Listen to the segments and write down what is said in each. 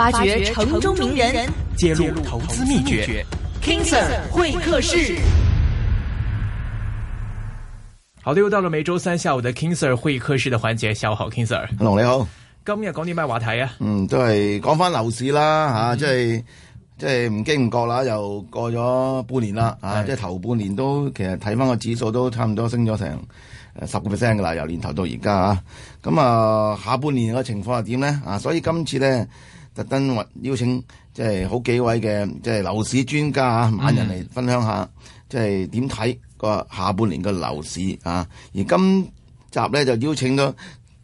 挖掘城中名人，揭露投資秘訣。King Sir 會客室，好的，又到了每周三下午的 King Sir 會客室的環節。下午好，King Sir，阿龍你好。今日講啲咩話題啊？嗯，都係講翻樓市啦，吓、啊，即係即係唔經唔覺啦，又過咗半年啦，吓、mm，即、hmm. 係、啊就是、頭半年都其實睇翻個指數都差唔多升咗成十個 percent 噶啦，由年頭到而家啊。咁啊，下半年個情況係點咧？啊，所以今次咧。特登邀請即係好幾位嘅即係樓市專家啊，萬人嚟分享下即係點睇個下半年嘅樓市啊！而今集咧就邀請到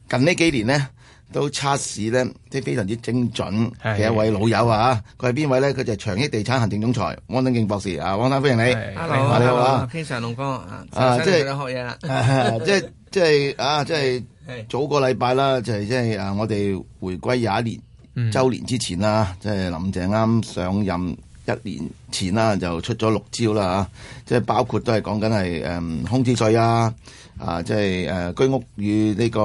近呢幾年呢，都測市呢，即係非常之精準嘅一位老友啊！佢係邊位咧？佢就祥益地產行政總裁汪敦敬博士啊！汪生歡迎你。Hello，的你好啊！經常龍哥啊！即係學嘢啦！即係即係啊！即係早個禮拜啦，就係即係啊！我哋回歸廿一年。Potter 嗯、周年之前啦，即、就、係、是、林鄭啱上任一年前啦，就出咗六招啦嚇，即係包括都係講緊係誒空置稅啊，啊即係誒居屋與呢、這個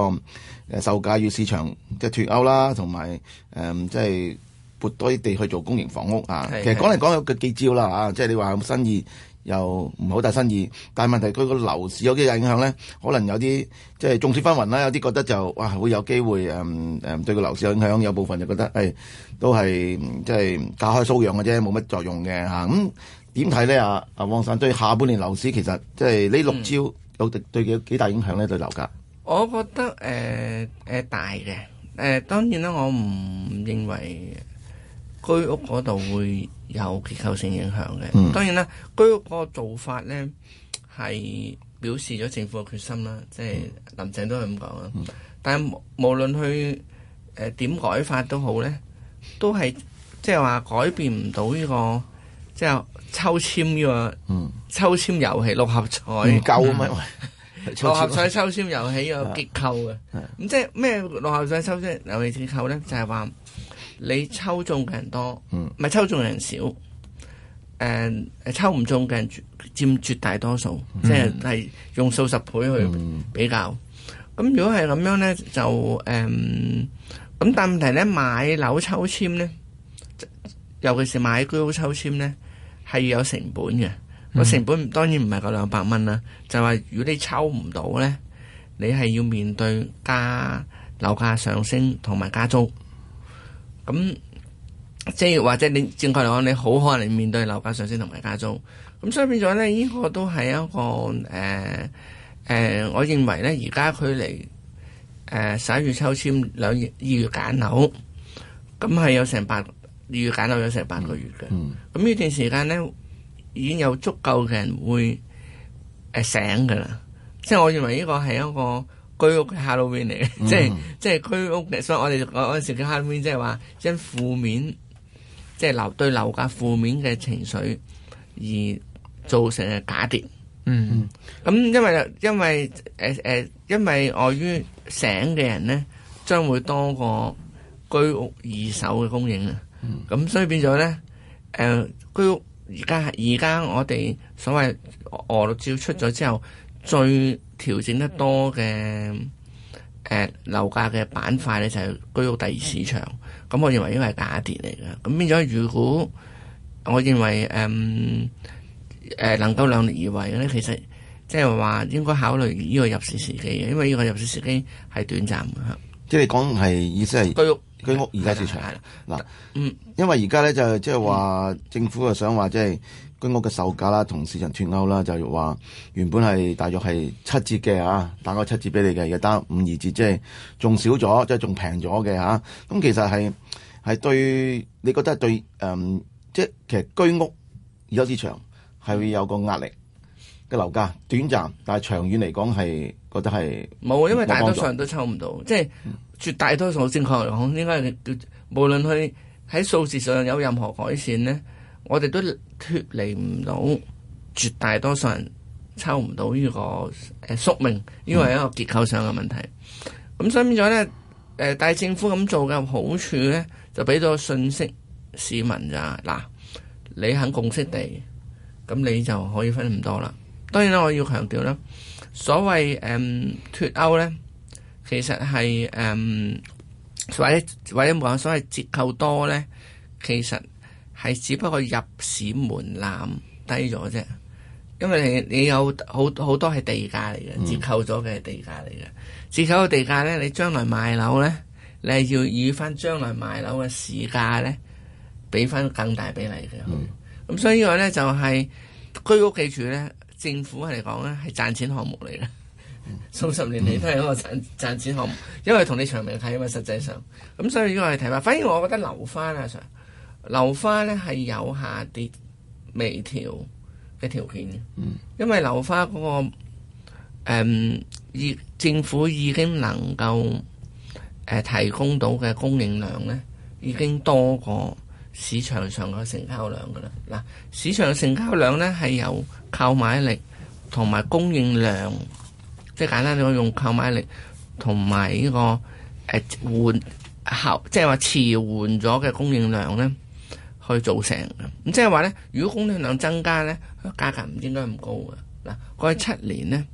售價與市場即係脫鈎啦，同埋誒即係撥多啲地去做公營房屋啊。是其實講嚟講去有幾招啦嚇，即係你話咁新意？又唔係好大新意，但係問題佢個樓市有幾大影響咧？可能有啲即係眾說紛紜啦，有啲覺得就哇會有機會誒誒、嗯嗯嗯、對個樓市有影響，有部分就覺得誒、哎、都係即係隔靴搔癢嘅啫，冇乜作用嘅嚇。咁點睇咧？啊啊，汪生對下半年樓市其實即係呢六招、嗯、有啲對幾幾大影響咧？對樓價，我覺得誒誒、呃呃、大嘅誒、呃，當然啦，我唔認為。居屋嗰度會有結構性影響嘅，當然啦，居屋個做法咧係表示咗政府嘅決心啦，即係林鄭都係咁講啦。但係無論佢誒點改法都好咧，都係即係話改變唔到呢個即係抽籤呢個抽籤遊戲六合彩唔夠啊嘛，六合彩抽籤遊戲有結構嘅，咁即係咩六合彩抽籤遊戲結構咧？就係話。你抽中嘅人多，唔係、嗯、抽中嘅人少。誒、嗯，抽唔中嘅人佔絕大多數，即係係用數十倍去比較。咁、嗯、如果係咁樣咧，就誒。咁、嗯、但問題咧，買樓抽籤咧，尤其是買居屋抽籤咧，係要有成本嘅。個成本當然唔係嗰兩百蚊啦，嗯、就係話如果你抽唔到咧，你係要面對加樓價上升同埋加租。咁、嗯、即係或者你正確嚟講，你好可能面對樓價上升同埋加租。咁、嗯、所以變咗咧，呢個都係一個誒誒、呃呃，我認為咧，而家距離誒十一月抽籤，兩月二月揀樓，咁、嗯、係有成八二月揀樓有成八個月嘅。咁呢、嗯嗯、段時間咧，已經有足夠嘅人會誒、呃、醒㗎啦。即係我認為呢個係一個。居屋嘅 Halloween 嚟嘅，mm hmm. 即係即係居屋嘅，所以我哋嗰陣時嘅 Halloween 即係話，因、就、負、是、面即係樓對樓價負面嘅情緒而造成嘅假跌。嗯、mm，咁、hmm. 因為因為誒誒，因為礙於醒嘅人咧，將會多過居屋二手嘅供應啊。咁、mm hmm. 所以變咗咧，誒、呃，居屋而家而家我哋所謂俄照出咗之後最。調整得多嘅誒、呃、樓價嘅板塊咧，就係、是、居屋第二市場。咁我認為應該係價跌嚟嘅。咁變咗，如果我認為誒誒、嗯呃、能夠量力而為咧，其實即係話應該考慮呢個入市時機，因為呢個入市時機係短暫嘅。即係你講係意思係居屋居屋而家市場係啦嗱，嗯，因為而家咧就即係話政府就想話即係。居屋嘅售價啦，同市場脫鈎啦，就話原本係大約係七折嘅啊，打個七折俾你嘅，而家打五二折，即係仲少咗，即係仲平咗嘅嚇。咁、嗯、其實係係對，你覺得對誒、嗯，即係其實居屋而家市場係會有個壓力嘅樓價，短暫，但係長遠嚟講係覺得係冇，因為大多數人都抽唔到，即係、嗯、絕大多數正確嚟講，應該叫無論佢喺數字上有任何改善咧。我哋都脫離唔到，絕大多數人抽唔到呢個宿命，因為係一個結構上嘅問題。咁、嗯、所以變咗呢，誒、呃、大政府咁做嘅好處呢，就俾咗信息市民咋嗱，你肯共識地，咁你就可以分咁多啦。當然啦，我要強調啦，所謂誒脫歐呢，其實係誒、嗯、或者或者講所謂折扣多呢，其實。係只不過入市門檻低咗啫，因為你有好好多係地價嚟嘅，折扣咗嘅地價嚟嘅，折扣嘅地價咧，你將來賣樓咧，你係要以翻將來賣樓嘅市價咧，俾翻更大比例嘅。咁、嗯、所以個呢個咧就係、是、居屋企住咧，政府係嚟講咧係賺錢項目嚟嘅，數、嗯、 十年嚟都係一個賺賺錢項目，因為同你長命睇。啊嘛，實際上。咁所以呢個係睇法，反而我覺得留翻啊，Sir。樓花咧係有下跌微調嘅條件嘅，嗯、因為樓花嗰、那個誒、嗯，政府已經能夠誒、呃、提供到嘅供應量咧，已經多過市場上嘅成交量嘅啦。嗱，市場嘅成交量咧係有購買力同埋供應量，即係簡單咗用購買力同埋呢個誒、呃、換後，即係話遲換咗嘅供應量咧，去造成嘅，咁即係話咧，如果供應量增加咧，價格唔應該咁高嘅。嗱，過去七年呢，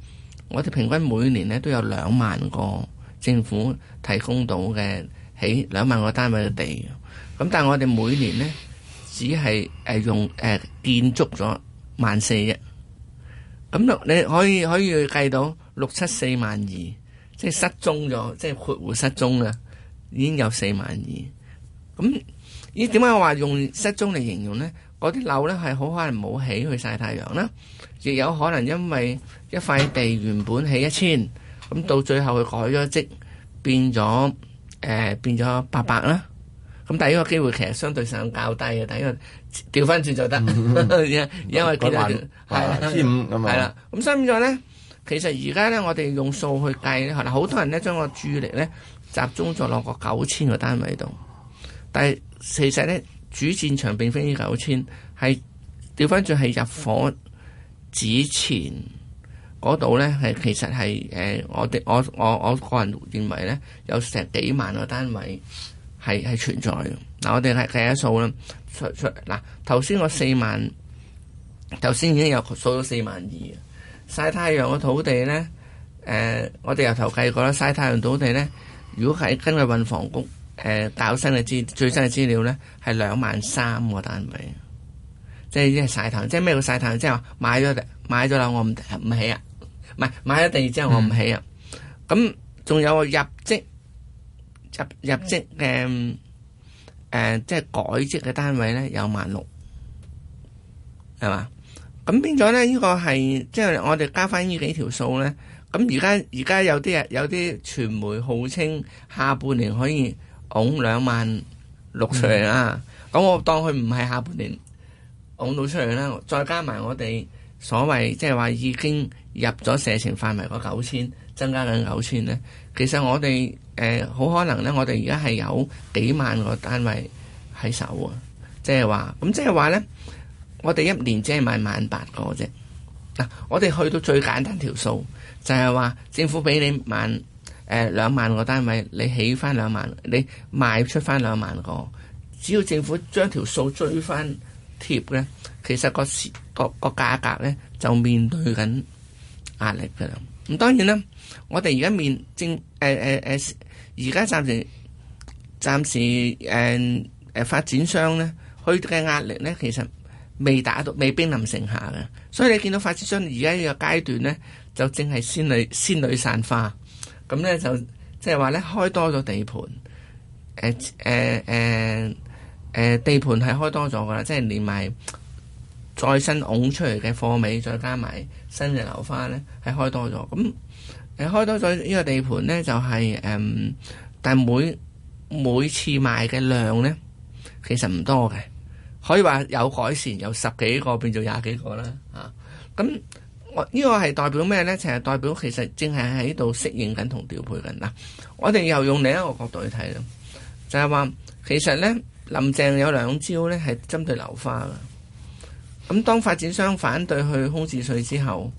我哋平均每年咧都有兩萬個政府提供到嘅起兩萬個單位嘅地，咁但係我哋每年咧只係誒用誒建築咗萬四啫，咁你可以可以計到六七四萬二，即係失蹤咗，即係括弧失蹤啊，已經有四萬二，咁。咦？點解我話用失蹤嚟形容咧？嗰啲樓咧係好可能冇起去曬太陽啦，亦有可能因為一塊地原本起一千，咁到最後佢改咗職，變咗誒、呃、變咗八百啦。咁第一個機會其實相對上較低嘅，第一、這個調翻轉就、嗯、 得，因為佢係千五咁啊。啦，咁所以話咧，其實而家咧，我哋用數去計咧，好多人咧將個注意力咧集中咗落個九千個單位度。但係，其實咧，主戰場並非於九千，係調翻轉係入伙之前度咧，係其實係誒我哋我我我個人認為咧，有成幾萬個單位係係存在嘅。嗱，我哋係計下數啦，出出嗱，頭先個四萬頭先已經有數咗四萬二曬太陽嘅土地咧。誒、呃、我哋由頭計過啦，曬太陽土地咧，如果係根據運房局。誒，最新嘅資最新嘅資料咧，係兩萬三個單位，即係即係曬騰，即係咩叫晒騰？即係話買咗買咗樓我，樓我唔唔起啊！唔係買咗地之後，我唔起啊！咁仲有入則入入則嘅，誒、呃，即係改則嘅單位咧，有萬六係嘛？咁變咗咧，呢個係即係我哋加翻呢幾條數咧。咁而家而家有啲有啲傳媒號稱下半年可以。拱兩萬六出嚟啊！咁我當佢唔係下半年拱到出嚟啦，再加埋我哋所謂即係話已經入咗射程範圍嗰九千，增加緊九千咧，其實我哋誒好可能咧，我哋而家係有幾萬個單位喺手啊！即係話，咁即係話咧，我哋一年只係買萬八個啫。嗱、啊，我哋去到最簡單條數就係話，政府俾你萬，誒兩、呃、萬個單位，你起翻兩萬，你賣出翻兩萬個，只要政府將條數追翻貼咧，其實個市個價格咧就面對緊壓力噶啦。咁當然啦，我哋而家面正誒誒誒，而家暫時暫時誒誒、呃呃、發展商咧，佢嘅壓力咧其實未打到，未兵臨城下嘅，所以你見到發展商而家呢個階段咧，就正係仙女仙女散花。咁咧就即係話咧開多咗地盤，誒誒誒誒地盤係開多咗噶啦，即係連埋再新拱出嚟嘅貨尾，再加埋新嘅樓花咧係開多咗。咁、嗯、誒開多咗呢個地盤咧就係、是、誒、嗯，但係每每次賣嘅量咧其實唔多嘅，可以話有改善，有十幾個變做廿幾個啦吓，咁、啊。呢個係代表咩呢？就係代表其實正係喺度適應緊同調配緊嗱。我哋又用另一個角度去睇啦，就係話其實呢，林鄭有兩招呢係針對樓花噶。咁當發展商反對去空置稅之後，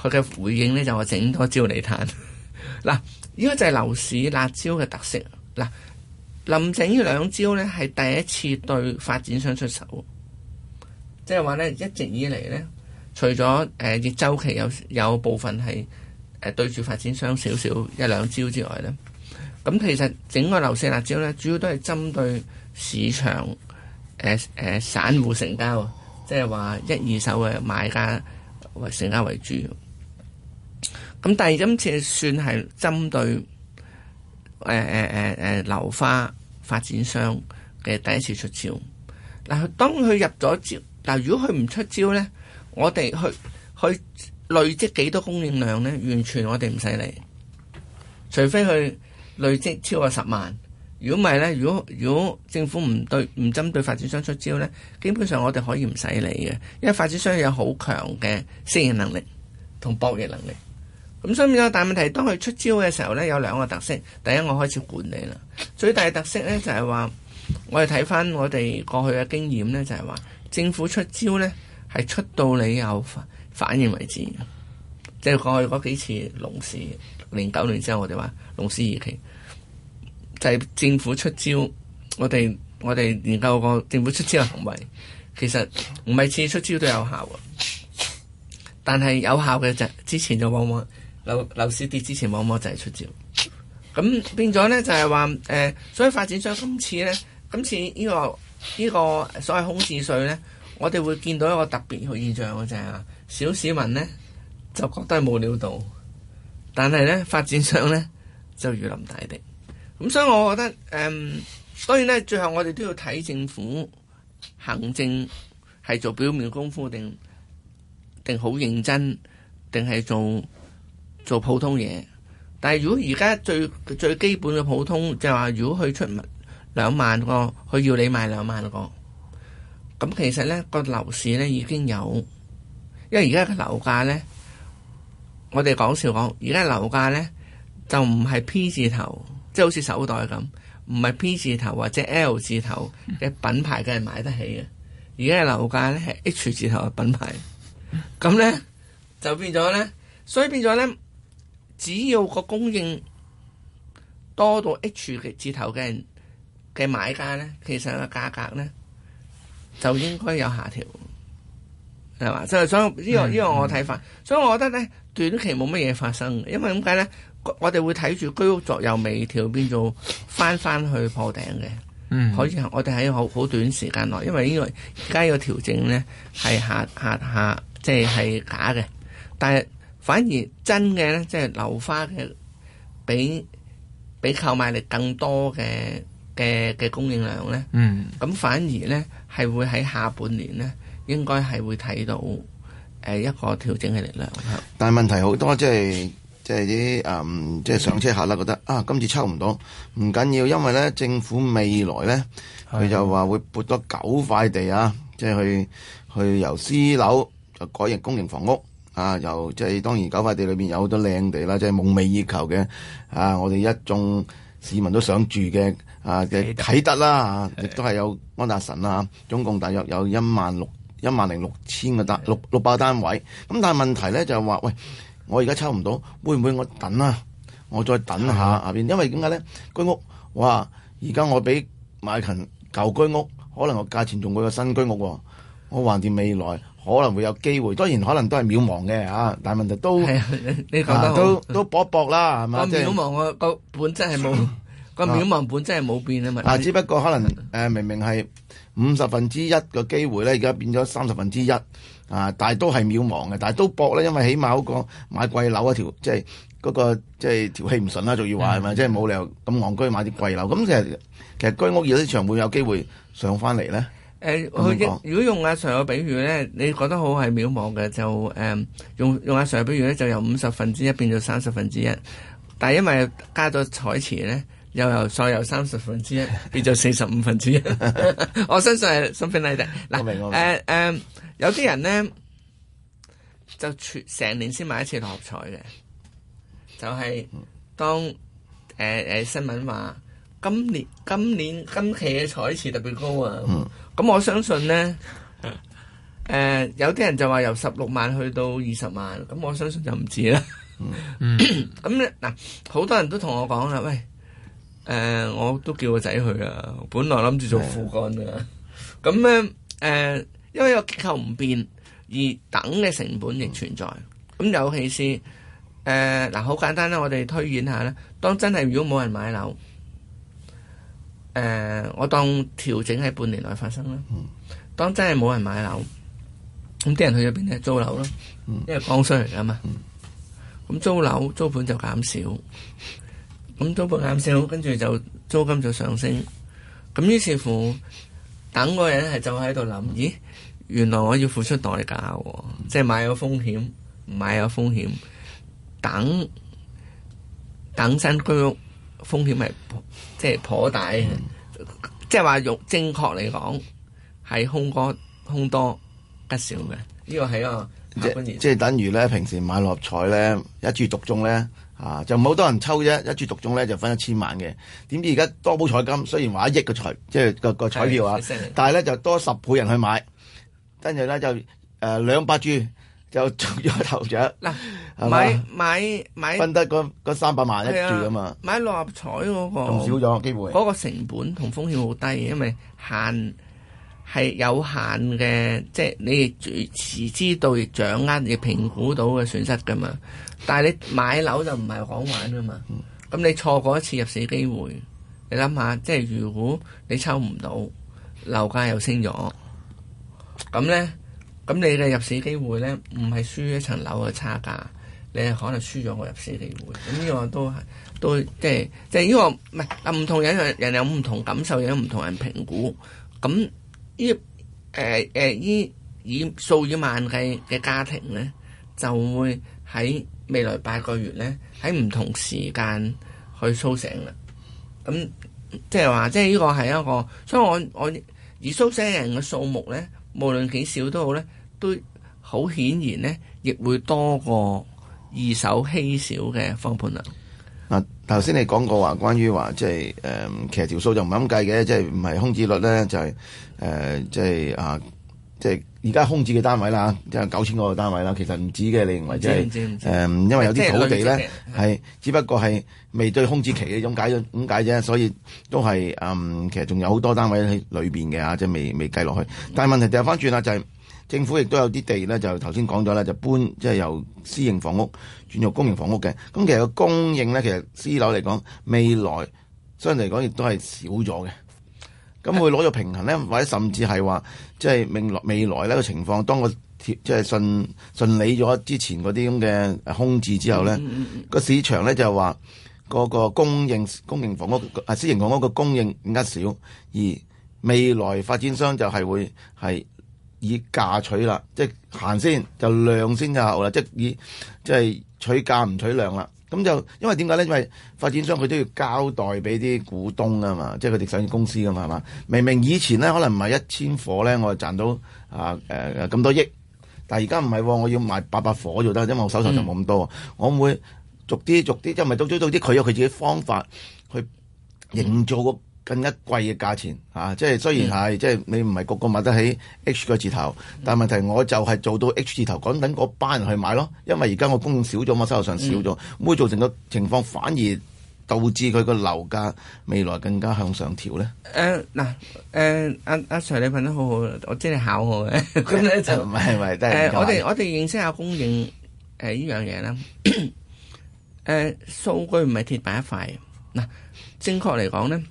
佢嘅回應呢就話整多招嚟彈。嗱，呢個就係樓市辣招嘅特色。嗱，林鄭呢兩招呢係第一次對發展商出手，即係話呢，一直以嚟呢。除咗誒，熱週期有有部分係誒對住發展商少少一兩招之外咧，咁其實整個樓市辣招咧，主要都係針對市場誒誒、呃呃、散戶成交，即係話一二手嘅買家為成交為主。咁但係今次算係針對誒誒誒誒樓花發展商嘅第一次出招。嗱，當佢入咗招，嗱如果佢唔出招咧？我哋去去累積幾多供應量呢？完全我哋唔使理，除非佢累積超過十萬。如果唔係呢？如果如果政府唔對唔針對發展商出招呢，基本上我哋可以唔使理嘅，因為發展商有好強嘅適應能力同博弈能力。咁所以有大問題，當佢出招嘅時候呢，有兩個特色。第一，我開始管理啦。最大特色呢，就係話，我哋睇翻我哋過去嘅經驗呢，就係話政府出招呢。係出到你有反應為止，即係過去嗰幾次龍市，零九年之後我哋話龍市二期，就係政府出招。我哋我哋研究過政府出招嘅行為，其實唔係次次出招都有效啊。但係有效嘅就之前就往往樓樓市跌之前往往就係出招。咁變咗咧就係話誒，所以發展商今次咧，今次呢個呢個所謂空置稅咧，我哋會見到一個特別嘅現象，就係啊，小市民呢，就覺得係冇料到，但係呢，發展商呢，就如臨大敵。咁所以，我覺得誒、嗯，當然呢，最後我哋都要睇政府行政係做表面功夫定定好認真，定係做做普通嘢。但係如果而家最最基本嘅普通，就係話，如果佢出兩萬個，佢要你賣兩萬個。咁其實咧個樓市咧已經有，因為而家嘅樓價咧，我哋講笑講，而家樓價咧就唔係 P 字頭，即係好似手袋咁，唔係 P 字頭或者 L 字頭嘅品牌嘅人買得起嘅。而家嘅樓價咧係 H 字頭嘅品牌，咁咧就變咗咧，所以變咗咧，只要個供應多到 H 字頭嘅人嘅買家咧，其實個價格咧。就應該有下調，係嘛？就所以呢、這個呢、這個我睇法。嗯、所以我覺得咧短期冇乜嘢發生，因為點解咧？我哋會睇住居屋左右微調變做翻翻去破頂嘅，嗯，可以我哋喺好好短時間內，因為，因為呢個而家個調整咧係下下下，即係係假嘅，但係反而真嘅咧，即係流花嘅，比比購買力更多嘅。嘅嘅供應量咧，咁、嗯、反而咧係會喺下半年咧，應該係會睇到誒一個調整嘅力量。但係問題好多，即係即係啲誒即係上車客啦，覺得、嗯、啊今次抽唔到唔緊要，因為咧政府未來咧佢就話會撥多九塊地啊，的啊即係去去由私樓就改型公營房屋啊，由即係、就是、當然九塊地裏邊有好多靚地啦，即、就、係、是、夢寐以求嘅啊，我哋一眾市民都想住嘅。啊嘅啟德啦，亦都係有安達臣啦，總是的、啊、共大約有一萬六一萬零六千嘅單六六百單位。咁是的 但係問題咧就係、是、話，喂，我而家抽唔到，會唔會我等啊？我再等下下邊？是的 因為點解咧？居屋話而家我畀買近舊居屋，可能我價錢仲會有新居屋。我橫掂未來可能會有機會，當然可能都係渺茫嘅嚇、啊。但係問題都你得、啊、都都搏搏啦，係嘛？即係渺茫我個本質係冇。個渺茫本真係冇變啊嘛，嗱，只不過可能誒的、呃、明明係五十分之一嘅機會咧，而家變咗三十分之一，啊，但係都係渺茫嘅，但係都搏咧，因為起碼嗰個買貴樓一條，即係嗰、那個即係條氣唔順啦、啊，仲要話係咪，的即係冇理由咁戇居買啲貴樓。咁、嗯、其實其實居屋熱力場會有機會上翻嚟咧。誒、呃，如果用阿常嘅比喻咧，你覺得好係渺茫嘅，就誒、嗯、用用阿常嘅比喻咧，就由五十分之一變咗三十分之一，但係因為加咗彩池咧。又由再又三十分之一，變咗四十五分之一。 我相信係、like、something 嗱，誒誒、呃呃，有啲人咧就全成年先買一次六合彩嘅，就係、是、當誒誒、呃，新聞話今,今年今年今期嘅彩池特別高啊。咁、嗯嗯、我相信咧，誒、呃、有啲人就話由十六萬去到二十萬，咁我相信就唔止啦。咁嗱、嗯，好、 呃呃、多人都同我講啦，喂！誒，uh, 我都叫個仔去啊！本來諗住做副幹啊，咁咧誒，因為個結構唔變，而等嘅成本亦存在。咁、嗯嗯、尤其是誒嗱、嗯，好簡單啦，我哋推演下咧。當真係如果冇人買樓，誒、呃，我當調整喺半年內發生啦。當真係冇人買樓，咁啲人去咗邊咧？租樓咯，因為剛需嚟㗎嘛。咁、嗯嗯、租樓租盤就減少。咁租盤減少，跟住、嗯嗯、就租金就上升。咁於、嗯、是乎，等個人係就喺度諗：咦，原來我要付出代價喎，即係買有風險，唔買有風險。等等新居屋風險係即係頗大嘅，即係話肉正確嚟講係空多空多吉少嘅。這個、個呢個係一個即即係等於咧，平時買六合彩咧，一注獨中咧。啊，就唔好多人抽啫，一注獨中咧就分一千萬嘅。點知而家多寶彩金雖然話一億嘅彩，即係個個彩票啊，但係咧就多十倍人去買，跟住咧就誒兩、呃、百注就做咗頭獎。嗱啦吧，買買買，分得個三百萬一注嘛啊嘛。買六合彩嗰、那個，仲少咗機會。嗰個成本同風險好低，因為限。係有限嘅，即、就、係、是、你亦只只知道、掌握、亦評估到嘅損失㗎嘛。但係你買樓就唔係講玩㗎嘛。咁、嗯、你錯過一次入市機會，你諗下，即係如果你抽唔到樓價又升咗，咁呢。咁你嘅入市機會呢，唔係輸一層樓嘅差價，你係可能輸咗個入市機會。咁呢個都係都即係即係呢個唔係唔同人有人有唔同感受，有唔同人評估咁。依誒誒依以數、呃、以，以萬計嘅家庭咧，就會喺未來八個月咧，喺唔同時間去蘇醒啦。咁即係話，即係呢個係一個，所以我我而蘇醒人嘅數目咧，無論幾少都好咧，都好顯然咧，亦會多過二手稀少嘅放盤啦。頭先你講過話，關於話即係誒，其實條數就唔係咁計嘅，即係唔係空置率咧，就係、是、誒、呃，即係啊，即係而家空置嘅單位啦，即係九千個單位啦，其實唔止嘅，你認為即係誒，因為有啲土地咧係只不過係未對空置期嘅一種解咁解啫， 所以都係誒、嗯，其實仲有好多單位喺裏邊嘅啊，即係未未計落去，但係問題掉翻轉啦，就係、是。政府亦都有啲地咧，就頭先講咗咧，就搬即係、就是、由私營房屋轉入公營房屋嘅。咁其實個供應咧，其實私樓嚟講未來相對嚟講亦都係少咗嘅。咁會攞咗平衡咧，或者甚至係話即係未來未來呢、這個情況，當個即係順順理咗之前嗰啲咁嘅空置之後咧，個、嗯、市場咧就係話個個供應公營房屋啊，私營房屋個供應更加少，而未來發展商就係會係。以價取啦，即係行先就量先就後啦，即係以即係取價唔取量啦。咁就因為點解咧？因為發展商佢都要交代俾啲股東啊嘛，即係佢哋上市公司噶嘛，係嘛？明明以前咧可能唔係一千伙咧，我就賺到啊誒咁、呃、多億，但係而家唔係，我要賣八百伙就得，因為我手頭就冇咁多。嗯、我會逐啲逐啲，因係到係早早啲？佢有佢自己方法去營造個更加貴嘅價錢啊！即係雖然係，嗯、即係你唔係個個買得起 H 個字頭，但係問題我就係做到 H 字頭，咁等嗰班人去買咯。因為而家我供應少咗嘛，收入上少咗，會造成個情況，反而導致佢個樓價未來更加向上調咧。誒嗱誒，阿、嗯、阿、啊啊啊、Sir 你問得好好，antal, 我知你考我嘅。咧就唔係唔係，都係我哋我哋認識下供應誒呢樣嘢啦。誒數據唔係鐵板一塊嗱，正確嚟講咧。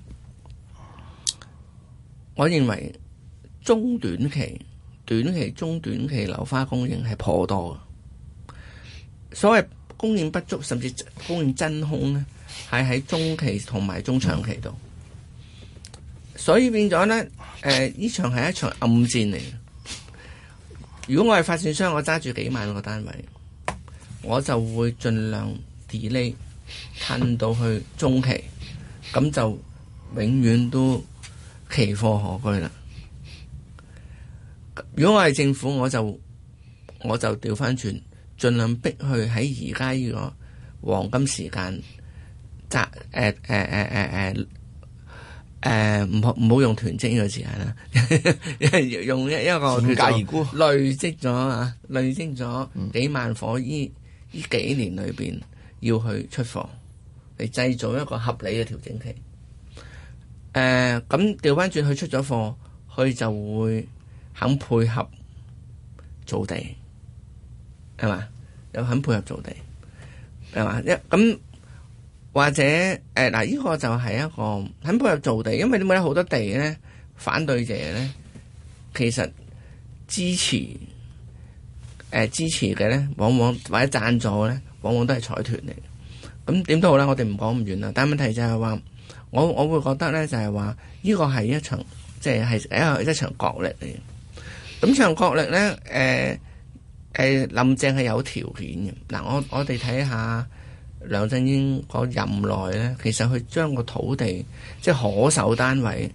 我認為中短期、短期、中短期樓花供應係頗多嘅，所謂供應不足甚至供應真空呢係喺中期同埋中長期度。所以變咗呢，誒、呃，呢場係一場暗戰嚟。如果我係發展商，我揸住幾萬個單位，我就會盡量 delay，褪到去中期，咁就永遠都。期貨可居啦？如果我係政府，我就我就調翻轉，盡量逼佢喺而家呢個黃金時間，紮誒誒誒誒誒誒，唔好唔好用囤積呢個時間啦， 用一一個而累積咗啊，累積咗幾萬伙衣呢幾年裏邊要去出貨，嚟製造一個合理嘅調整期。誒，咁調翻轉去出咗貨，佢就會肯配合造地，係嘛？又肯配合造地，係嘛？一咁或者誒，嗱，呢個就係一個肯配合造地，因為你冇得好多地咧，反對者咧，其實支持誒支持嘅咧，往往或者贊助嘅咧，往往都係財團嚟。咁點都好啦，我哋唔講咁遠啦。但係問題就係話。我我會覺得咧，就係話呢個係一場，即係係一一場角力嚟。咁場角力咧，誒、呃、誒、呃、林鄭係有條件嘅。嗱，我我哋睇下梁振英個任內咧，其實佢將個土地即係、就是、可售單位，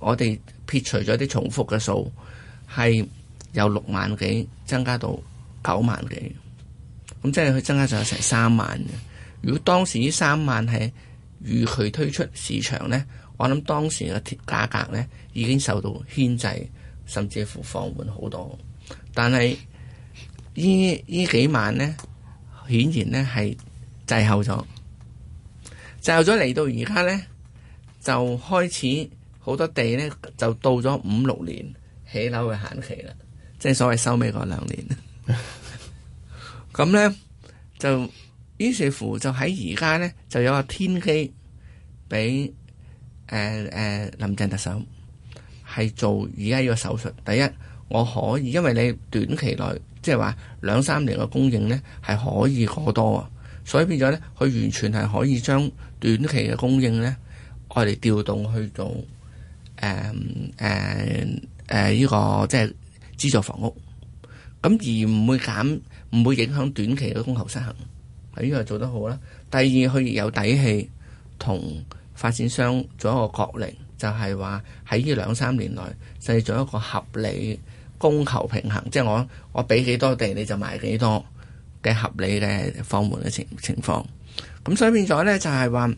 我哋撇除咗啲重複嘅數，係由六萬幾增加到九萬幾，咁即係佢增加咗成三萬嘅。如果當時呢三萬係如佢推出市場呢，我諗當時嘅價格呢已經受到牽制，甚至乎放緩好多。但係呢呢幾晚呢，顯然呢係滯後咗，滯後咗嚟到而家呢，就開始好多地呢就到咗五六年起樓嘅限期啦，即係所謂收尾嗰兩年。咁 呢，就。於是乎就喺而家呢，就有個天機俾誒誒林鄭特首係做而家呢個手術。第一，我可以，因為你短期內即係話兩三年嘅供應呢，係可以過多，所以變咗呢，佢完全係可以將短期嘅供應呢，我哋調動去做誒誒誒呢個即係資助房屋咁，而唔會減，唔會影響短期嘅供求失衡。喺呢個做得好啦。第二，佢亦有底氣同發展商做一個角力，就係話喺呢兩三年內，製作一個合理供求平衡，即係我我俾幾多地你就賣幾多嘅合理嘅放盤嘅情情況。咁所以變咗呢，就係話，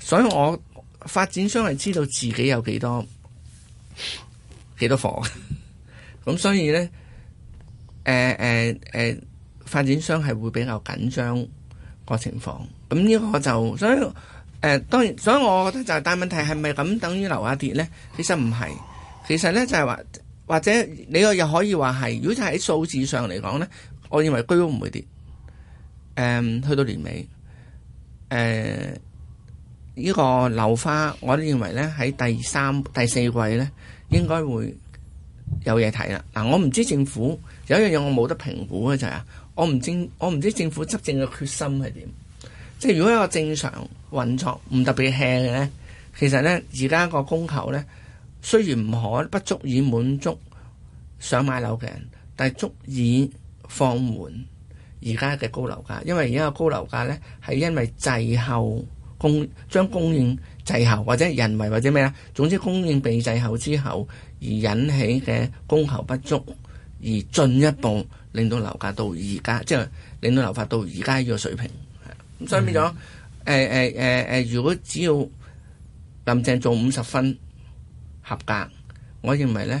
所以我發展商係知道自己有幾多幾多房，咁 所以呢，誒誒誒，發展商係會比較緊張。個情況，咁呢個就所以，誒、呃、當然，所以我覺得就大問題係咪咁等於樓下跌呢？其實唔係，其實呢，就係話，或者你又可以話係，如果就喺數字上嚟講呢，我認為居屋唔會跌。誒、呃，去到年尾，誒、呃，呢、這個樓花，我都認為呢，喺第三、第四季呢，應該會有嘢睇啦。嗱、呃，我唔知政府有一樣嘢我冇得評估嘅就係、是。我唔政，我唔知政府執政嘅決心係點。即係如果一個正常運作唔特別 hea 嘅呢，其實呢而家個供求呢，雖然唔可不足以滿足想買樓嘅人，但係足以放緩而家嘅高樓價。因為而家個高樓價呢，係因為滯後供，將供應滯後或者人為或者咩啦，總之供應被滯後之後而引起嘅供求不足。而進一步令到樓價到而家，即係令到樓花到而家呢個水平。咁所以變咗，誒誒誒誒，如果只要林鄭做五十分合格，我認為咧，誒、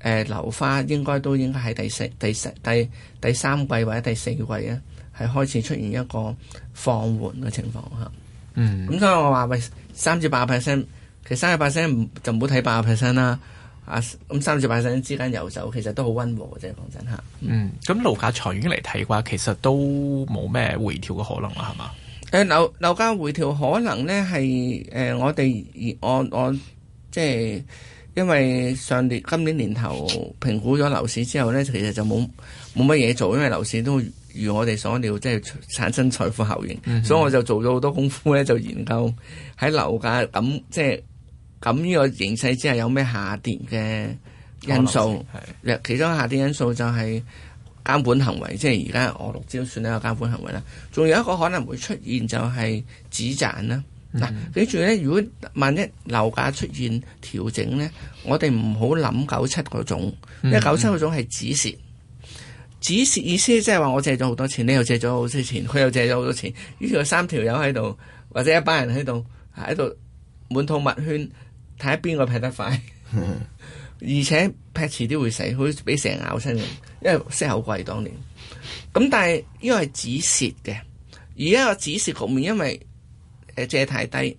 欸、樓花應該都應該喺第四、第四、第第三季或者第四季咧，係開始出現一個放緩嘅情況嚇。嗯。咁、mm hmm. 所以我話喂，三至八 percent，其實三至八 percent 就唔好睇八 percent 啦。啊，咁三四百生之間遊走，其實都好溫和嘅啫，講真吓。嗯，咁樓價長遠嚟睇嘅話，其實都冇咩回調嘅可能啦，係嘛？誒、呃，樓樓價回調可能咧，係誒、呃、我哋我我即係因為上年今年年頭評估咗樓市之後咧，其實就冇冇乜嘢做，因為樓市都如我哋所料，即係產生財富效應，嗯、哼所以我就做咗好多功夫咧，就研究喺樓價咁即係。咁呢個形勢之下有咩下跌嘅因素？係，其中下跌因素就係監管行為，即係而家我六招算係個監管行為啦。仲有一個可能會出現就係止賺啦。嗱、嗯，記住咧，如果萬一樓價出現調整咧，我哋唔好諗九七個種，因為九七個種係止蝕。止蝕意思即係話我借咗好多錢，你又借咗好多錢，佢又借咗好多錢，於是有三條友喺度，或者一班人喺度喺度滿套密圈。睇下邊個劈得快，mm hmm. 而且劈遲啲會死，好似俾蛇咬親咁，因為息口貴當年貴。咁但係因個係止蝕嘅，而家個止蝕局面，因為誒借太低，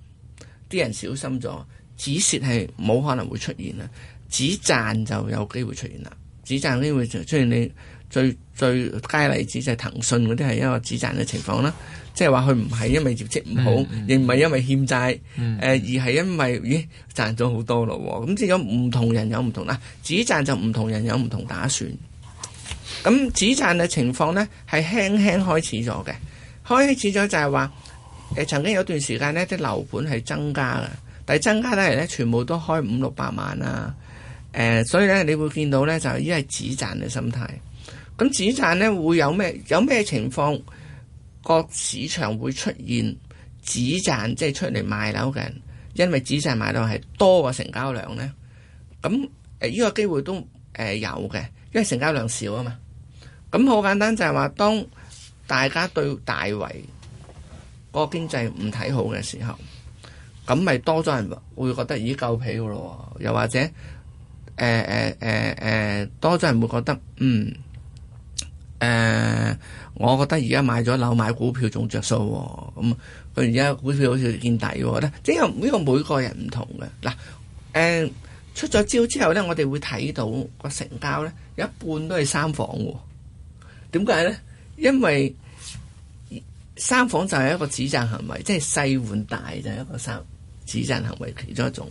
啲人小心咗，止蝕係冇可能會出現啦，止賺就有機會出現啦，止賺機會就出現你。最最佳例子就係騰訊嗰啲係一個止賺嘅情況啦，即係話佢唔係因為業績唔好，亦唔係因為欠債，誒、嗯、而係因為咦賺咗好多咯。咁即係唔同人有唔同啦，止賺就唔同人有唔同打算。咁止賺嘅情況呢，係輕輕開始咗嘅，開始咗就係話誒曾經有段時間呢啲樓盤係增加嘅，但係增加得嚟呢，全部都開五六百萬啊。誒、呃、所以呢，你會見到呢，就依係止賺嘅心態。咁止賺咧會有咩有咩情況？個市場會出現止賺，即係出嚟賣樓嘅人，因為止賺買樓係多過成交量咧。咁誒，呢個機會都誒有嘅，因為成交量少啊嘛。咁好簡單就係話，當大家對大圍個經濟唔睇好嘅時候，咁咪多咗人會覺得已經夠皮㗎咯。又或者誒誒誒誒，多咗人會覺得嗯。誒、uh, 嗯，我覺得而家買咗樓買股票仲着數喎，咁佢而家股票好似見底喎，咧即係呢個每個人唔同嘅。嗱，誒、嗯，出咗招之後呢，我哋會睇到個成交呢，有一半都係三房喎。點解呢？因為三房就係一個止賺行為，即係細換大就係一個三止賺行為其中一種。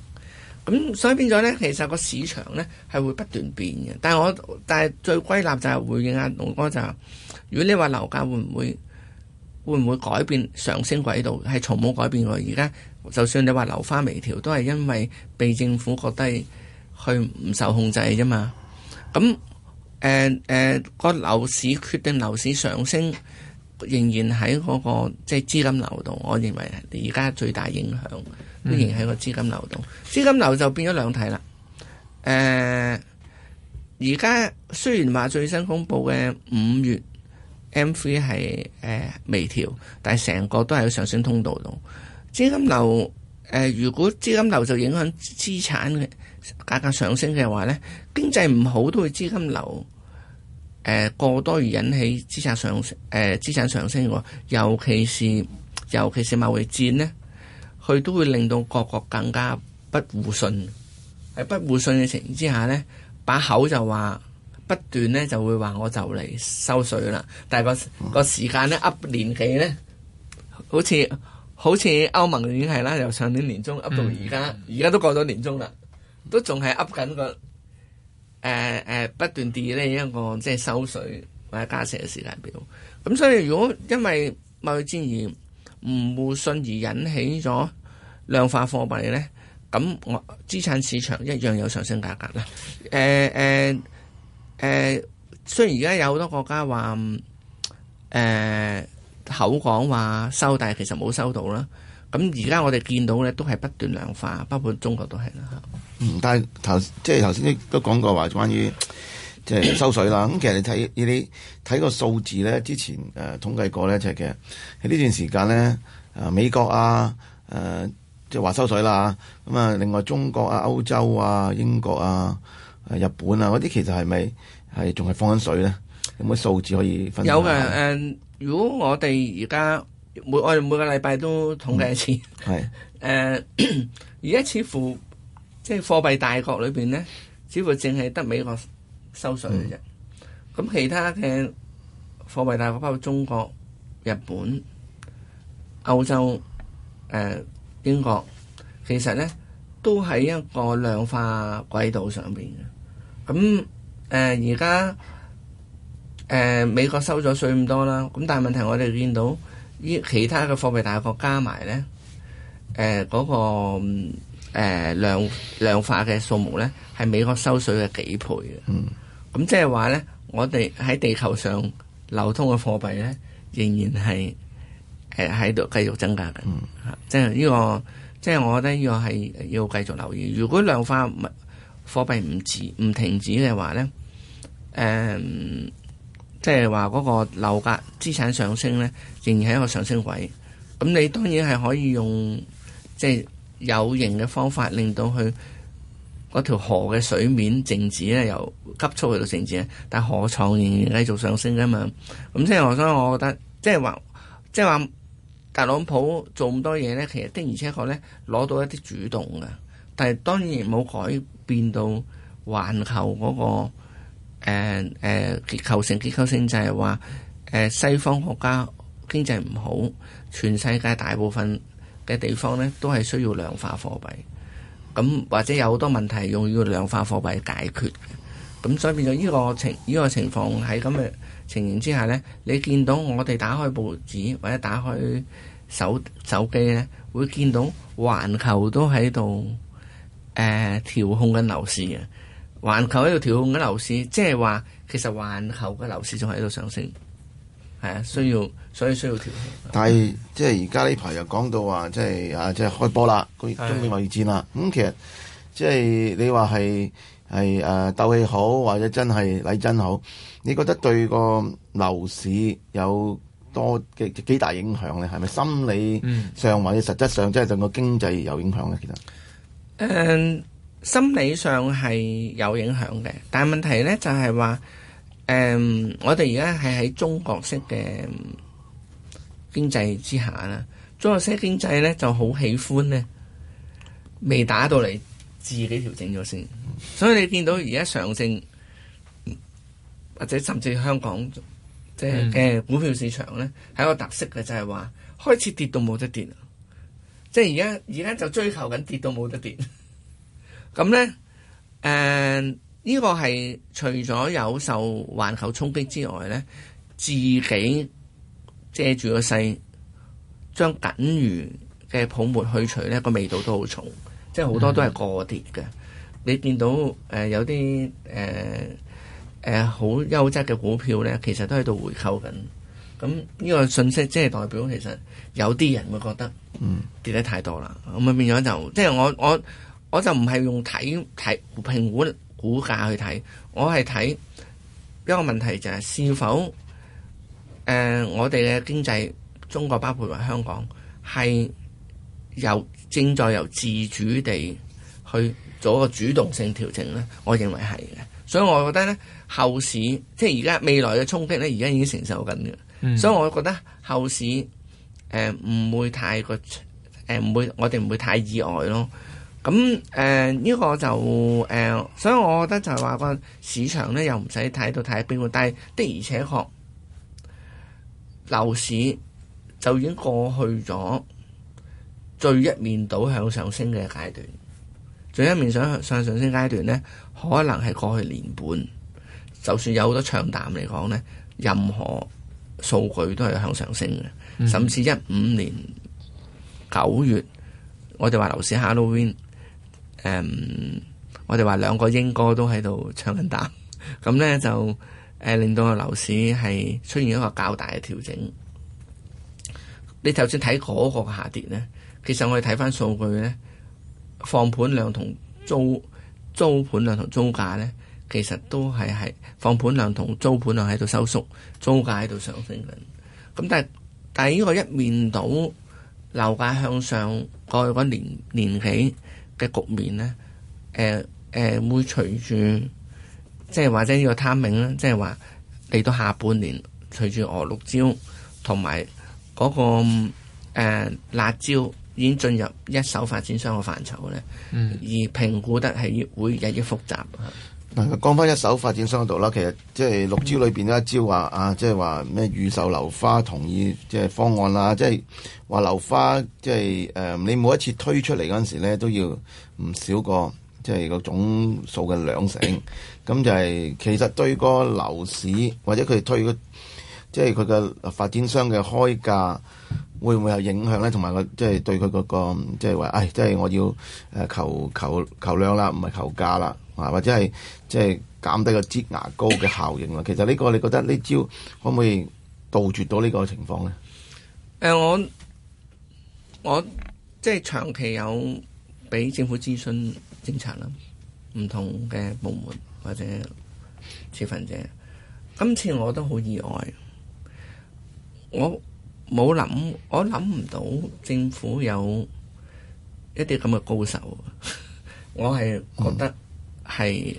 咁所以變咗呢，其實個市場呢係會不斷變嘅。但係我，但係最歸納就係回應阿、啊、龍哥就係、如果你話樓價會唔會會唔會改變上升軌道，係從冇改變過。而家就算你話樓花微調，都係因為被政府覺得去唔受控制啫嘛。咁誒、誒個樓市，決定樓市上升，仍然喺嗰、嗰個即係、就係、資金流動。我認為而家最大影響。都影響個資金流動，資金流就變咗兩睇啦。誒、呃，而家雖然話最新公佈嘅五月 M3 係誒微調，但係成個都係喺上升通道度。資金流誒、呃，如果資金流就影響資產嘅價格上升嘅話咧，經濟唔好都會資金流誒、呃、過多而引起資產上升誒、呃、資產上升尤其是尤其是貿易戰呢。佢都會令到個個更加不互信，喺不互信嘅情況之下咧，把口就話不斷咧就會話我就嚟收水啦，但係個、嗯、個時間咧噏年幾咧，好似好似歐盟已經係啦，由上年年中噏到而家，而家、嗯、都過咗年中啦，都仲係噏緊個誒誒、呃呃、不斷跌咧一個即係收水或者加息嘅時間表，咁所以如果因為某啲嘢。唔互信而引起咗量化貨幣咧，咁我資產市場一樣有上升價格啦。誒誒誒，雖然而家有好多國家話誒、欸、口講話收，但係其實冇收到啦。咁而家我哋見到咧都係不斷量化，包括中國都係啦。嗯，但係頭即係頭先都講過話關於，即係收水啦。咁其實你睇你睇個數字咧，之前誒、呃、統計過咧，就係其實喺呢段時間咧，啊美國啊，誒即係話收水啦。咁啊，另外中國啊、歐洲啊、英國啊、誒日本啊嗰啲，其實係咪係仲係放緊水咧？有冇啲數字可以分享？有嘅誒、呃。如果我哋而家每我哋每個禮拜都統計一次，係誒而家似乎即係、就是、貨幣大國裏邊咧，似乎淨係得美國。收水嘅啫，咁其他嘅貨幣大國包括中國、日本、歐洲、誒英國，其實咧都喺一個量化軌道上邊嘅。咁誒而家誒美國收咗水咁多啦，咁但係問題我哋見到呢，其他嘅貨幣大國加埋咧，誒嗰個誒量量化嘅數目咧係美國收水嘅幾倍嘅。咁即係話咧，我哋喺地球上流通嘅貨幣咧，仍然係誒喺度繼續增加嘅。嗯，吓，即係呢個，即係我覺得呢個係要繼續留意。如果量化物貨幣唔止唔停止嘅話咧，誒，即係話嗰個樓價資產上升咧，仍然係一個上升位。咁你當然係可以用即係有形嘅方法令到去。嗰條河嘅水面靜止咧，由急速去到靜止咧，但係河床仍然繼續上升㗎嘛。咁即係我想，我覺得即係話，即係話，特朗普做咁多嘢咧，其實的而且確咧攞到一啲主動嘅，但係當然冇改變到環球嗰、那個誒誒結構性結構性，結構性就係話誒西方國家經濟唔好，全世界大部分嘅地方咧都係需要量化貨幣。咁或者有好多問題用要量化貨幣解決，咁所以變咗呢個情呢個情況，喺咁嘅情形之下咧，你見到我哋打開報紙或者打開手手機咧，會見到環球都喺度誒調控緊樓市啊，環球喺度調控緊樓市，即係話其實環球嘅樓市仲喺度上升，係啊，需要。所以需要調整，但係即係而家呢排又講到話，即、就、係、是、啊，即、就、係、是、開波啦，中美貿易戰啦。咁是、嗯、其實即係、就是、你話係係誒鬥氣好，或者真係禮真好，你覺得對個樓市有多幾幾大影響咧？係咪心理上、嗯、或者實質上，即係對個經濟有影響咧？其實誒、嗯，心理上係有影響嘅，但係問題咧就係話誒，我哋而家係喺中國式嘅。經濟之下啦，中有些經濟呢就好喜歡呢，未打到嚟自己調整咗先，所以你見到而家上證或者甚至香港即係嘅股票市場呢，係一個特色嘅就係話開始跌都冇得跌，即係而家而家就追求緊跌到冇得跌。咁 呢，誒、呃、呢個係除咗有受環球衝擊之外呢，自己。遮住個勢，將僅餘嘅泡沫去除咧，個味道都好重，即係好多都係過跌嘅。嗯、你見到誒、呃、有啲誒誒好優質嘅股票咧，其實都喺度回購緊。咁、嗯、呢、嗯、個信息即係代表其實有啲人會覺得跌得太多啦。咁啊變咗就即係我我我就唔係用睇睇評估股價去睇，我係睇一個問題就係是，是否。誒、呃，我哋嘅經濟，中國包括埋香港，係由正在由自主地去做一個主動性調整咧。我認為係嘅，所以我覺得咧後市，即係而家未來嘅衝擊咧，而家已經承受緊嘅。嗯、所以，我覺得後市誒唔會太過誒、呃、唔會，我哋唔會太意外咯。咁誒呢個就誒、呃，所以我覺得就係話個市場咧又唔使睇到睇邊個但係的而且確。樓市就已經過去咗最一面倒向上升嘅階段，最一面上向上升階段呢，可能係過去年半，就算有好多唱淡嚟講呢，任何數據都係向上升嘅，嗯、甚至一五年九月，我哋話樓市 Halloween，誒、um，我哋話兩個英哥都喺度唱緊淡，咁呢，就。誒、令到個樓市係出現一個較大嘅調整。你就算睇嗰個下跌咧，其實我哋睇翻數據咧，放盤量同租租盤量同租價咧，其實都係係放盤量同租盤量喺度收縮，租價喺度上升緊。咁但係但係呢個一面倒樓價向上過去嗰年年幾嘅局面咧，誒、呃、誒、呃、會隨住。即係或者呢個 timing 咧，即係話嚟到下半年，隨住俄六招同埋嗰個、呃、辣招已經進入一手發展商嘅範疇咧，嗯、而評估得係越會日益複雜。嗱、嗯，講返一手發展商度啦，其實即係六招裏邊有一招話啊，即係話咩預售樓花同意即係方案啦，即係話樓花即係誒你每一次推出嚟嗰陣時咧，都要唔少過，即係個總數嘅兩成，咁就係其實對個樓市或者佢退嘅，即係佢嘅發展商嘅開價會唔會有影響咧？同埋個即係對佢嗰個即係話，唉，即係我要誒求求求量啦，唔係求價啦，啊或者係即係減低個擠牙膏嘅效應啦。其實呢個你覺得呢招可唔可以杜絕到呢個情況咧？誒、呃、我我即係長期有俾政府諮詢。政策啦，唔同嘅部門或者處分者，今次我都好意外，我冇諗，我諗唔到政府有一啲咁嘅高手。 我係覺得係誒、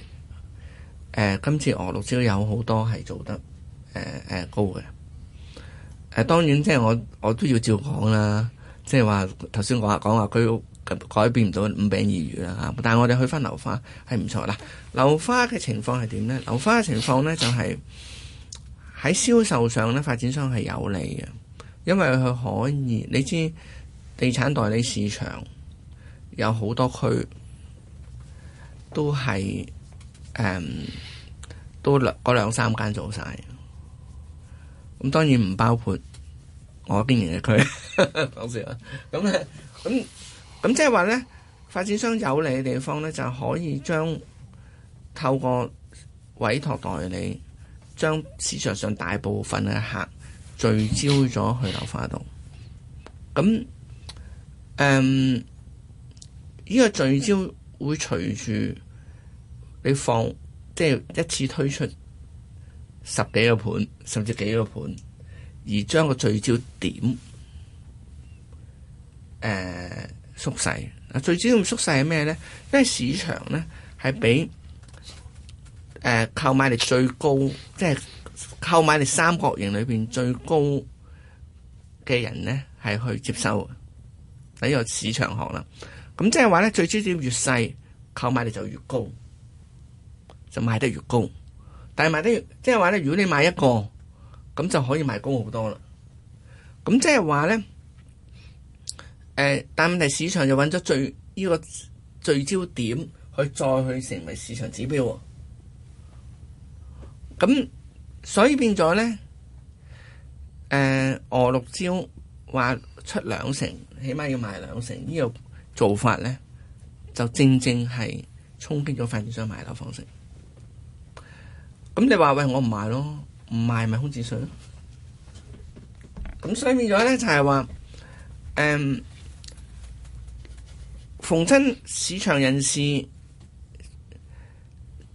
嗯呃、今次俄羅斯有好多係做得誒誒、呃呃、高嘅，誒、呃、當然即係我我都要照講啦，即係話頭先我講話佢。改變唔到五餅二魚啦吓，但係我哋去翻樓花係唔錯啦。樓花嘅情況係點呢？樓花嘅情況呢，就係喺銷售上呢，發展商係有利嘅，因為佢可以，你知地產代理市場有好多區都係誒，都兩兩、嗯、三間做晒。咁當然唔包括我經營嘅區，講笑啦。咁咧咁。咁即係話呢，發展商有利嘅地方呢，就可以將透過委託代理，將市場上大部分嘅客聚焦咗去樓花度。咁誒，依、嗯，呢個聚焦會隨住你放，即、就、係、是、一次推出十幾個盤，甚至幾個盤，而將個聚焦點誒。嗯縮細啊！最主要縮細係咩咧？因為市場咧係俾誒購買力最高，即係購買力三角形裏邊最高嘅人咧係去接收，喺個市場學啦。咁即係話咧，最主要越細購買力就越高，就賣得越高。但係賣得越，即係話咧，如果你買一個咁就可以賣高好多啦。咁即係話咧。誒，但問題市場就揾咗最呢、這個聚焦點，去再去成為市場指標。咁所以變咗咧，誒、呃，我六招話出兩成，起碼要賣兩成呢個做法咧，就正正係衝擊咗發展商賣樓方式。咁你話喂，我唔賣咯，唔賣咪空置稅咯。咁所以變咗咧，就係、是、話，誒、嗯。逢親市場人士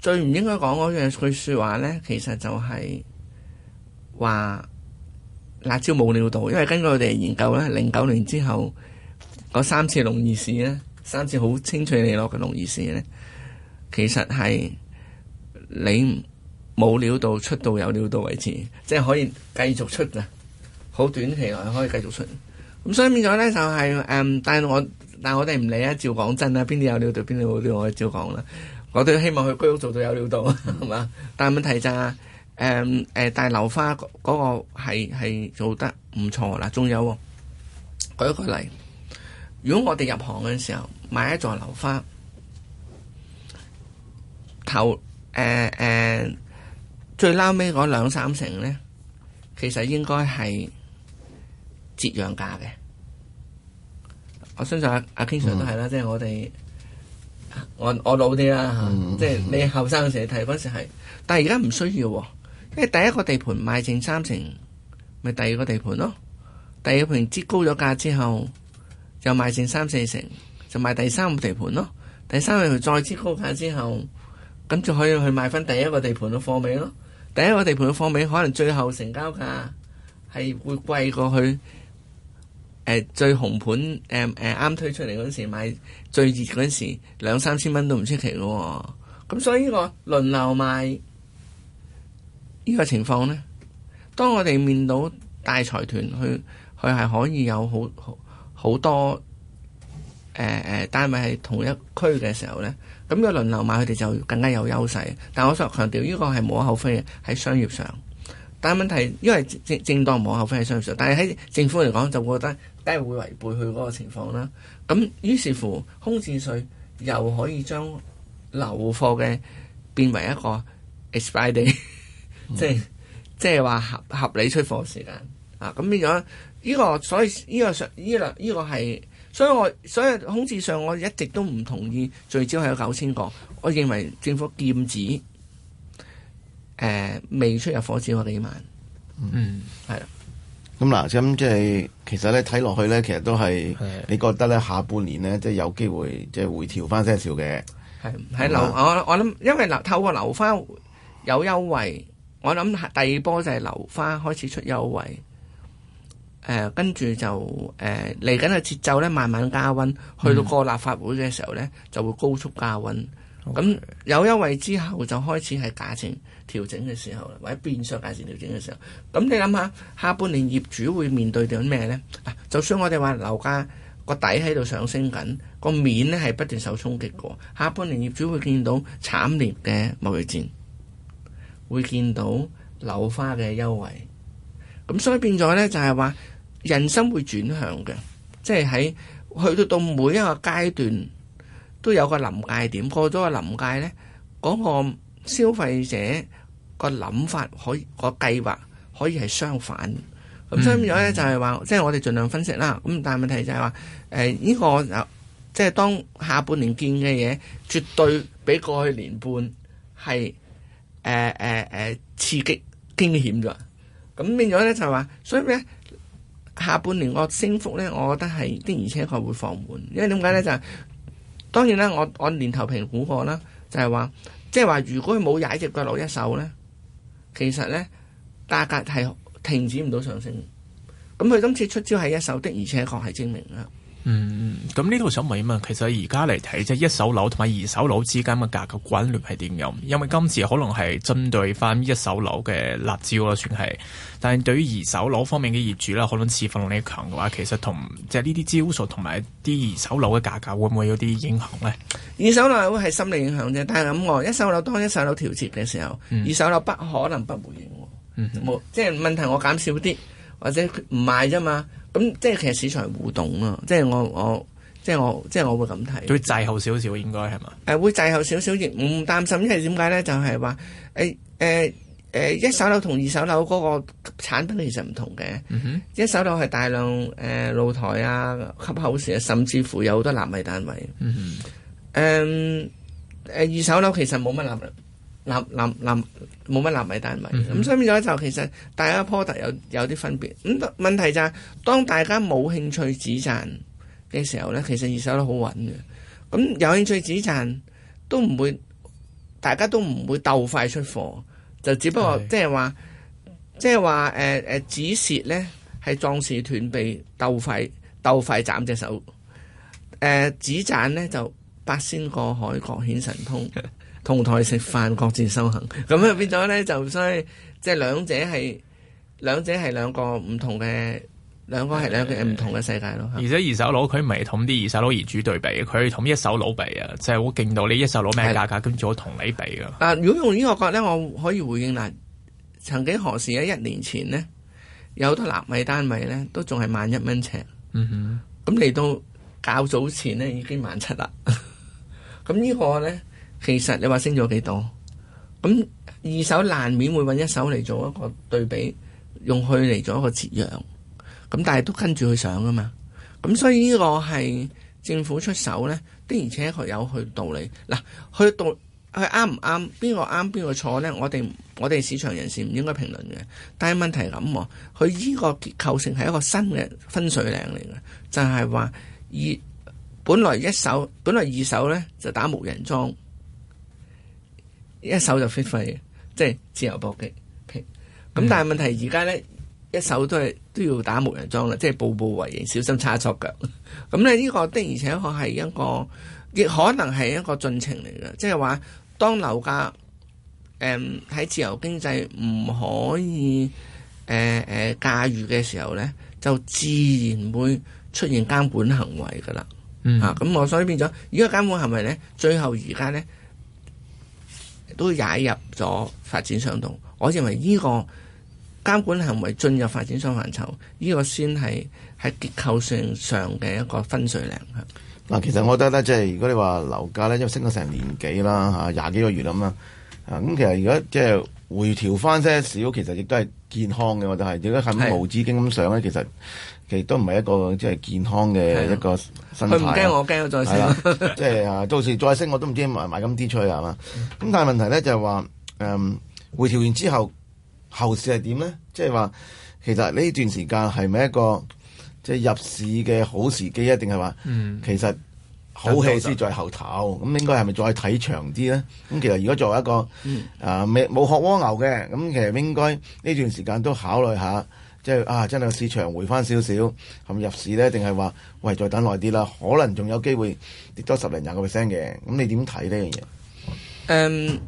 最唔應該講嗰樣句說話咧，其實就係話辣椒冇料到，因為根據我哋研究咧，零九年之後嗰三次龍二市咧，三次好清脆利落嘅龍二市咧，其實係你冇料到出到有料到為止，即係可以繼續出嘅，好短期內可以繼續出。咁所以變咗咧，就係誒，但係我。但係我哋唔理啊，照講真啦，邊啲有料就邊啲好料，我照講啦。我都希望佢居屋做到有料到，係嘛？但係問題就係、係，誒誒大樓花嗰個係做得唔錯啦。仲有，舉一個例，如果我哋入行嘅時候買一座樓花，頭誒誒、呃呃、最撈尾嗰兩三成咧，其實應該係折讓價嘅。我相信阿 King Sir 都係啦，mm hmm. 即係我哋我我老啲啦嚇，mm hmm. 即係你後生嗰時睇嗰陣時係，但係而家唔需要喎，因為第一個地盤賣剩三成，咪第二個地盤咯，第二個地盤接高咗價之後，就賣剩三四成，就賣第三個地盤咯，第三個地盤再接高價之後，咁就可以去賣翻第一個地盤嘅貨尾咯，第一個地盤嘅貨尾可能最後成交價係會貴過去。誒，最紅盤誒誒，啱、嗯、推出嚟嗰時買最熱嗰時，兩三千蚊都唔出奇嘅喎、哦。咁所以呢個輪流賣呢個情況呢，當我哋面到大財團，佢佢係可以有好好，好多誒誒、呃、單位係同一區嘅時候呢，咁嘅輪流買佢哋就更加有優勢。但我再強調呢個係無可厚非喺商業上，但係問題因為正正當無可厚非喺商業上，但係喺政府嚟講就覺得。梗係會違背佢嗰個情況啦，咁於是乎空置稅又可以將留貨嘅變為一個 expiry day，即係即係話合合理出貨時間啊。咁變咗呢、呢個，所以呢個上呢個呢個係，所以我所以空置稅我一直都唔同意，最早係有九千個，我認為政府劍指誒、呃、未出入貨只我哋幾萬，嗯，係啦。咁嗱，即係、嗯就是，其實咧睇落去咧，其實都係，的你覺得咧下半年咧，即係有機會即係回調翻少少嘅。係喺樓，我我諗，因為樓透過樓花有優惠，我諗第二波就係樓花開始出優惠。誒、呃，跟住就誒嚟緊嘅節奏咧，慢慢加溫，去到個立法會嘅時候咧，嗯、就會高速加溫。咁 Okay. 有優惠之後，就開始係價錢。調整嘅時候，或者變相價錢調整嘅時候，咁你諗下下半年業主會面對緊咩呢？就算我哋話樓價個底喺度上升緊，個面呢係不斷受衝擊過，下半年業主會見到慘烈嘅貿易戰，會見到樓花嘅優惠，咁所以變咗呢，就係話人生會轉向嘅，即係喺去到到每一個階段都有個臨界點，過咗個臨界呢嗰、那個。消費者個諗法可以、個計劃可以係相反，咁所以變咗咧就係話，嗯嗯即係我哋盡量分析啦。咁但係問題就係話，誒、呃、呢、個即係當下半年見嘅嘢，絕對比過去年半係誒誒誒刺激驚險咗。咁變咗咧就係話，所以咧下半年個升幅咧，我覺得係的，而且確會放緩。因為點解咧就係當然啦，我按年頭評估過啦，就係、是、話。即係話，如果佢冇踩隻腳落一手呢，其實呢，價格係停止唔到上升。咁佢今次出招係一手的，而且確係證明啦。嗯，咁呢度想問一問，其實而家嚟睇即係一手樓同埋二手樓之間嘅價格關聯係點樣？因為今次可能係針對翻一手樓嘅辣招啦，算係。但係對於二手樓方面嘅業主啦，可能持貨能力強嘅話，其實同即係呢啲招數同埋啲二手樓嘅價格，會唔會有啲影響呢？二手樓係心理影響啫，但係咁我，一手樓當一手樓調節嘅時候，嗯、二手樓不可能不回應喎。嗯哼，即係問題我減少啲，或者唔賣啫嘛。咁即係其實市場互動啊，即係我我即係我即係我，我會咁睇、呃，會滯後少少應該係嘛？誒，會滯後少少亦唔擔心，因為點解咧？就係話誒誒誒，一手樓同二手樓嗰個產品其實唔同嘅。嗯、哼，一手樓係大量誒、呃、露台啊、吸口時啊，甚至乎有好多納米單位。嗯誒哼誒、嗯呃，二手樓其實冇乜納米。冧冧冇乜爛米，但係米。咁所以變咗就其實大家 port 有有啲分別。咁問題就係、是、當大家冇興趣止賺嘅時候呢，其實二手都好穩嘅。咁、嗯、有興趣止賺都唔會，大家都唔會鬥快出貨，就只不過即係話，即係話誒誒止蝕咧係壯士斷臂，鬥快鬥快斬隻手。誒止賺咧就八仙過海，各顯神通。 同台食飯，各自修行，咁 啊變咗咧，就所以即係兩者係兩者係兩個唔同嘅，的兩個係兩個唔同嘅世界咯。的的而且二手佬佢唔係同啲二手佬業主對比，佢係同一手佬比啊，即係好勁到你一手佬咩價格，跟住的我同你比噶。但如果用呢個角咧，我可以回應嗱，曾經何時喺一年前呢，有好多納米單位咧都仲係萬一蚊尺，嗯哼，咁嚟到較早前咧已經萬七啦，咁呢個咧。其實你話升咗幾多？咁二手難免會揾一手嚟做一個對比，用佢嚟做一個節約。咁但係都跟住佢上噶嘛。咁所以呢個係政府出手呢，的而且確有佢道理。嗱，佢度佢啱唔啱？邊個啱邊個錯呢？我哋我哋市場人士唔應該評論嘅。但係問題係咁喎，佢呢個結構性係一個新嘅分水嶺嚟嘅，就係話二本來一手本來二手呢，就打無人莊。一手就揮費嘅，即係自由搏擊，咁、okay。但係問題而家咧，一手都係都要打木人樁啦，即係步步為營，小心差錯腳。咁咧呢個的而且確係一個，亦可能係一個進程嚟嘅，即係話當樓價誒喺自由經濟唔可以誒誒駕馭嘅時候咧，就自然會出現監管行為㗎啦。嚇咁、嗯，所以、啊、變咗，如果監管行為咧，最後而家咧。都踩入咗發展商度，我認為呢個監管行為進入發展商範疇，呢、這個先係喺結構性上嘅一個分水嶺。嗱，其實我覺得即係、就是、如果你話樓價咧，因為升咗成年幾啦嚇，廿幾個月啦嘛，咁其實而家即係回調翻些少，其實亦都係健康嘅。我就係如果肯無止境咁上咧，其實。其實都唔係一個即係健康嘅一個身態。佢唔驚我驚再升，的 即係啊，到時再升我都唔知買唔買咁啲出去係嘛？咁、嗯、但係問題咧就係、是、話，誒、嗯、回調完之後後市係點咧？即係話其實呢段時間係咪一個即係、就是、入市嘅好時機？定係話其實好戲先在後頭，咁、嗯、應該係咪再睇長啲咧？咁其實如果作為一個、嗯、啊未冇學蝸牛嘅，咁其實應該呢段時間都考慮下。即係啊！真係個市場回翻少少，係咪入市呢？定係話喂，再等耐啲啦？可能仲有機會跌多十零廿個 percent 嘅。咁你點睇呢樣嘢？誒、嗯，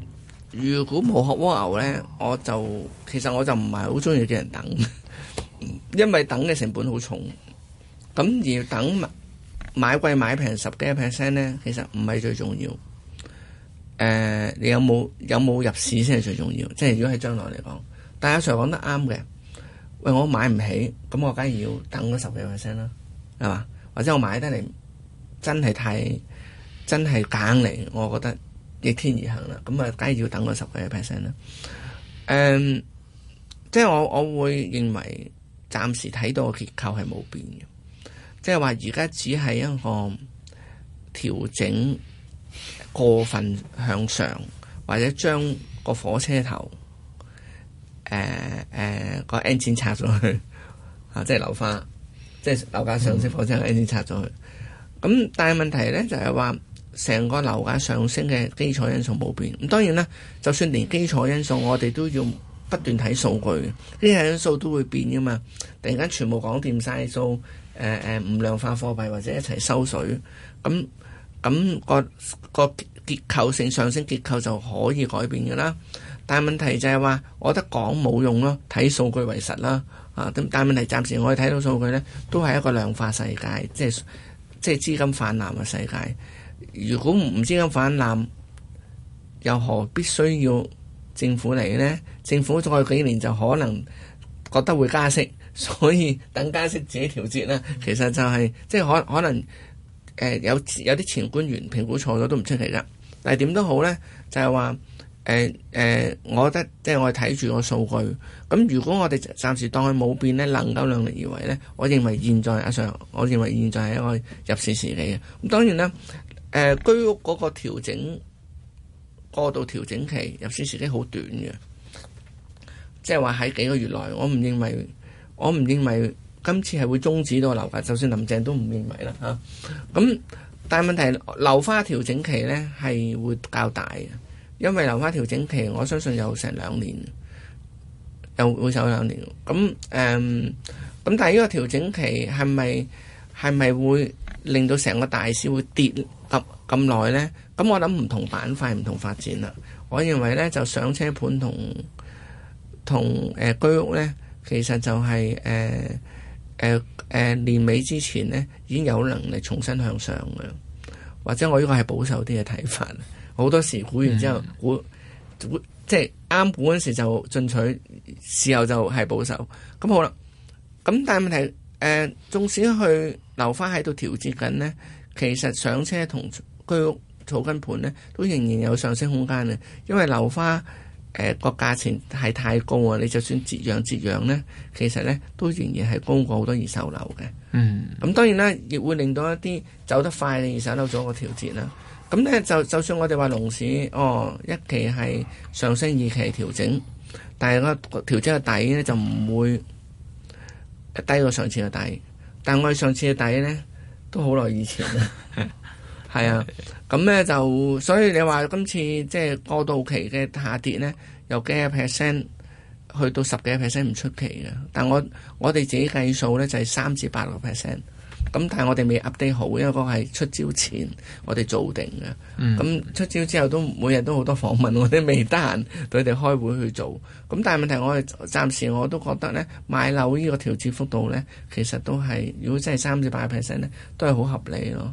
如果冇殼蝸牛呢，我就其實我就唔係好中意叫人等，因為等嘅成本好重。咁而等買買貴買平十幾個 percent 呢，其實唔係最重要。誒、呃，你有冇有冇入市先係最重要？即係如果喺將來嚟講，但阿 Sir 講得啱嘅。喂，我都買唔起，咁我梗係要等嗰十幾 percent 啦，係嘛？或者我買得嚟真係太真係揀嚟，我覺得逆天而行啦，咁啊，梗係要等嗰十幾 percent 啦。誒、嗯，即係我我會認為暫時睇到個結構係冇變嘅，即係話而家只係一個調整過分向上，或者將個火車頭。誒誒個 engine 拆咗去，啊、uh, 即係樓花，即係樓價上升火，或者 engine 拆咗去。咁、嗯嗯嗯、但係問題咧就係話，成個樓價上升嘅基礎因素冇變。咁當然啦，就算連基礎因素，我哋都要不斷睇數據，呢個因素都會變噶嘛。突然間全部講掂晒數，誒誒唔量化貨幣或者一齊收水，咁、嗯、咁、嗯嗯嗯嗯、個個結構性上升結構就可以改變噶啦。但問題就係話，我覺得講冇用咯，睇數據為實啦。啊，咁但問題暫時我哋睇到數據呢，都係一個量化世界，即係即係資金氾濫嘅世界。如果唔資金氾濫，又何必需要政府嚟呢？政府再幾年就可能覺得會加息，所以等加息自己調節啦。其實就係，即係可可能有有啲前官員評估錯咗都唔出奇㗎。但係點都好呢，就係話。誒誒、呃呃，我覺得即係我睇住個數據咁。如果我哋暫時當佢冇變呢，能夠量力而為呢。我認為現在阿 Sir，我認為現在係一個入市時期嘅。咁當然啦，誒、呃、居屋嗰個調整過度調整期入市時期好短嘅，即係話喺幾個月內，我唔認為我唔認為今次係會終止到樓價。就算林鄭都唔認為啦嚇。咁、啊、但係問題樓花調整期呢係會較大嘅。因為留翻調整期，我相信有成兩年，又會走兩年。咁誒，咁、嗯、但係呢個調整期係咪係咪會令到成個大市會跌咁咁耐呢？咁我諗唔同板塊唔同發展啦。我認為呢，就上車盤同同誒居屋呢，其實就係誒誒年尾之前呢已經有能力重新向上嘅，或者我呢個係保守啲嘅睇法。好多時估完之後，估，即係啱估嗰時就進取，事後就係保守。咁好啦，咁但係問題誒、呃，縱使去樓花喺度調節緊呢，其實上車同居屋草根盤呢，都仍然有上升空間嘅，因為樓花。誒個、呃、價錢係太高啊，你就算折讓折讓呢，其實呢都仍然係高過好多二手樓嘅。嗯，咁、嗯、當然啦，亦會令到一啲走得快嘅二手樓做個調節啦。咁、嗯、呢，就就算我哋話龍市，哦，一期係上升，二期調整，但係個調節嘅底呢，就唔會低過上次嘅底，但係我哋上次嘅底呢，都好耐以前。 係啊，咁咧就所以你話今次即係過渡期嘅下跌咧，由幾啊 percent 去到十幾啊 percent 唔出奇嘅。但我我哋自己計數咧就係三至八個 percent，咁但係我哋未 update 好，因為個係出招前我哋做定嘅。咁、嗯、出招之後都每日都好多訪問，我哋未得閒對佢哋開會去做。咁但係問題我暫時我都覺得咧，買樓呢個調節幅度咧，其實都係如果真係三至八 percent 咧，都係好合理咯。